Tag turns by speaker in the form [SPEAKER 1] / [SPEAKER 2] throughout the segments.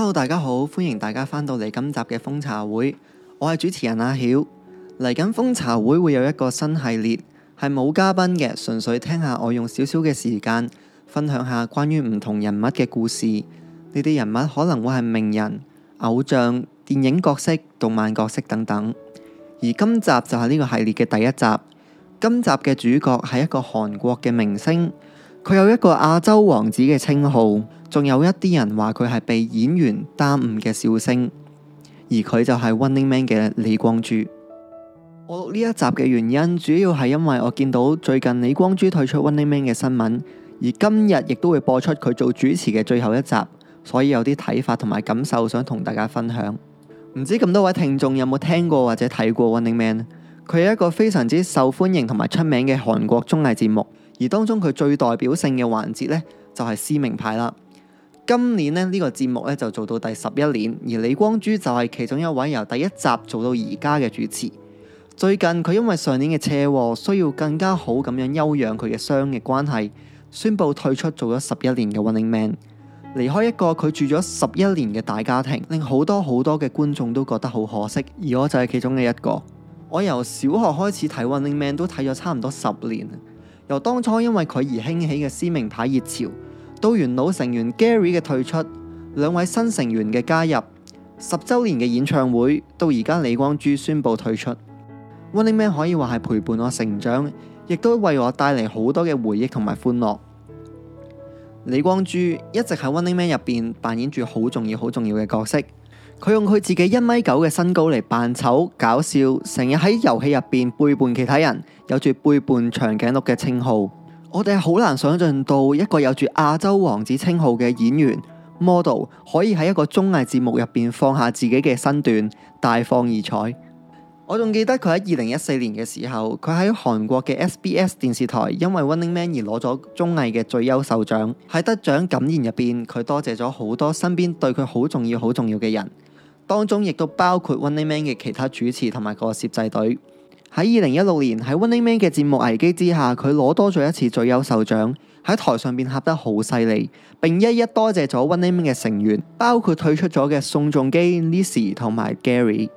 [SPEAKER 1] Hello，大家好，歡迎大家返到嚟今集嘅瘋茶會，我係主持人阿曉。嚟緊瘋茶會會有一個新系列，係冇嘉賓嘅，純粹聽下我用少少嘅時間分享下關於唔同人物嘅故事。呢啲人物可能會係名人、偶像、電影角色、動漫角色等等。而今集就係呢個系列嘅第一集。今集嘅主角係一個韓國嘅明星。佢有一個亞洲王子嘅稱號，仲有一啲人話佢係被演員耽誤嘅笑星，而佢就係《Running Man》嘅李光洙。我錄呢一集嘅原因，主要係因為我見到最近李光洙退出《Running Man》嘅新聞，而今日亦都會播出佢做主持嘅最後一集，所以有啲睇法同埋感受想同大家分享。唔知咁多位聽眾有冇聽過或者睇過《Running Man》？佢係一個非常之受歡迎同埋出名嘅韓國綜藝節目。而當中佢最代表性嘅環節呢，就係撕名牌啦。今年呢，呢個節目呢，就做到第十一年，而李光洙就係其中一位由第一集做到而家嘅主持。最近佢因為上年嘅車禍需要更加好咁樣休養佢嘅傷嘅關係，宣布退出做咗十一年嘅《Running Man》，離開一個佢住咗十一年嘅大家庭，令好多好多嘅觀眾都覺得好可惜。而我就係其中嘅一個，我由小學開始睇《Running Man》都睇咗差唔多十年。由當初因為佢而興起嘅撕名牌熱潮，到元老成員 Gary 嘅退出，兩位新成員嘅加入，十週年嘅演唱會，到而家李光洙宣布退出。 Running Man 可以話係陪伴我成長，亦都為我帶嚟好多嘅回憶同埋歡樂。李光洙一直喺 Running Man 入邊扮演住好重要、好重要嘅角色。佢用佢自己一米九嘅身高嚟扮醜搞笑，成日喺遊戲入邊背叛其他人，有住背叛長頸鹿嘅稱號。我哋好難想象到一個有住亞洲王子稱號嘅演員 model 可以喺一個綜藝節目入邊放下自己嘅身段，大放異彩。我仲記得佢喺二零一四年嘅時候，佢喺韓國嘅 SBS 電視台因為 Running Man 而攞咗綜藝嘅最優秀獎。喺得獎感言入邊，佢多謝咗好多身邊對佢好重要好重要嘅人。當中亦都包括 Running Man 嘅其他主持同埋個攝製隊。喺二零一六年喺 Running Man 嘅節目危機之下，佢攞多咗一次最優秀獎，喺台上邊合得好犀利，並一一多謝咗 Running Man 嘅成員，包括退出咗嘅宋仲基、Lizzy 同埋 Gary、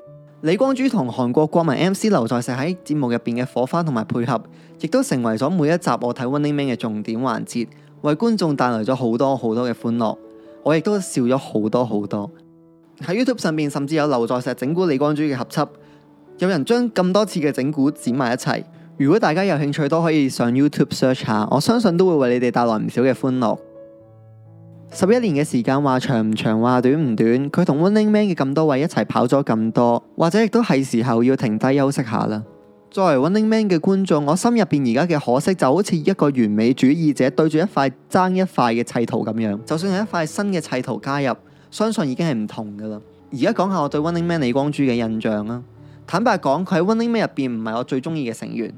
[SPEAKER 1] 李光洙同韓國國民 MC 劉在石喺節目入邊嘅火花同埋配合，亦都成為咗每一集我睇 Running Man 嘅重點環節，為觀眾帶來咗好多好多嘅歡樂，我亦都笑咗好多好多。喺 YouTube 上面，甚至有劉在石整蠱李光洙嘅合輯，有人將咁多次嘅整蠱剪埋一齊。如果大家有興趣，都可以上 YouTube search 下，我相信都會為你哋帶來唔少嘅歡樂。十一年嘅時間話長唔長，話短唔短。佢同 Running Man 嘅咁多位一齊跑咗咁多，或者亦都係時候要停低休息下啦。作為 Running Man 嘅觀眾，我心入邊而家嘅可惜就好似一個完美主義者對住一塊爭一塊嘅砌圖咁樣，就算係一塊新嘅砌圖加入。相信已經係唔同噶啦。而家講下我對《Running Man》李光洙嘅印象啦。坦白講，佢喺《Running Man》入邊唔係我最中意嘅成員，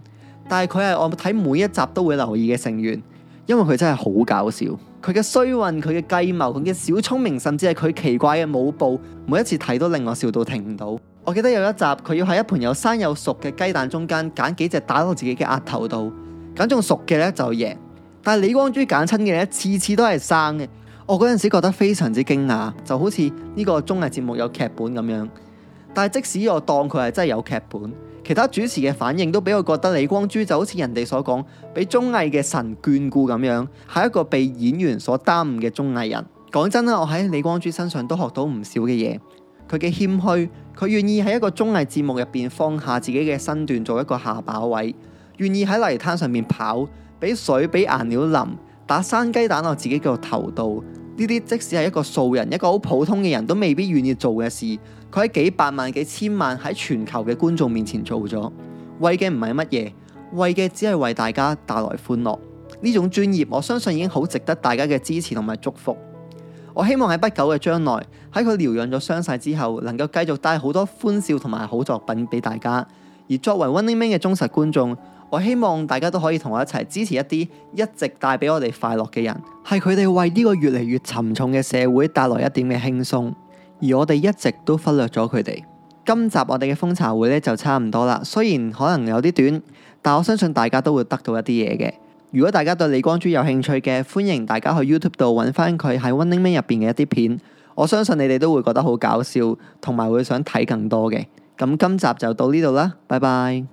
[SPEAKER 1] 但係佢係我睇每一集都會留意嘅成員，因為佢真係好搞笑。佢嘅衰運、佢嘅計謀、佢嘅小聰明，甚至係佢奇怪嘅舞步，每一次睇都令我笑到停唔到。我記得有一集佢要喺一盤有生有熟嘅雞蛋中間揀幾隻打到自己嘅額頭度，揀中熟嘅咧就贏。但係李光洙揀親嘅咧，次次都係生嘅。我嗰陣時覺得非常之驚訝，就好似呢個綜藝節目有劇本咁樣。但係即使我當佢係真係有劇本，其他主持嘅反應都俾我覺得李光洙就好似人哋所講，俾綜藝嘅神眷顧咁樣，係一個被演員所耽誤嘅綜藝人。講真啦，我喺李光洙身上都學到唔少嘅嘢。佢嘅謙虛，佢願意喺一個綜藝節目入邊放下自己嘅身段做一個下把位，願意喺泥灘上面跑，俾水俾顏料淋。打生雞蛋落自己個頭度，呢啲即使係一個素人，一個好普通嘅人都未必願意做嘅事，佢喺幾百萬、幾千萬喺全球嘅觀眾面前做咗，為嘅唔係乜嘢，為嘅只係為大家帶來歡樂。呢種專業，我相信已經好值得大家嘅支持同埋祝福。我希望喺不久嘅將來，喺佢療養咗傷勢之後，能夠繼續帶好多歡笑同埋好作品俾大家。而作為 Running Man 嘅忠實觀眾，我希望大家都可以同我一齊支持一啲一直帶俾我哋快樂嘅人，係佢哋為呢個越嚟越沉重嘅社會帶來一點嘅輕鬆，而我哋一直都忽略咗佢哋。今集我哋嘅風茶會呢就差唔多啦，雖然可能有啲短，但我相信大家都會得到一啲嘢嘅。如果大家對李光洙有興趣嘅，歡迎大家去 YouTube 度揾翻佢喺 Running Man 入邊嘅一啲片，我相信你哋都會覺得好搞笑，同埋會想睇更多嘅。咁今集就到呢度啦，拜拜。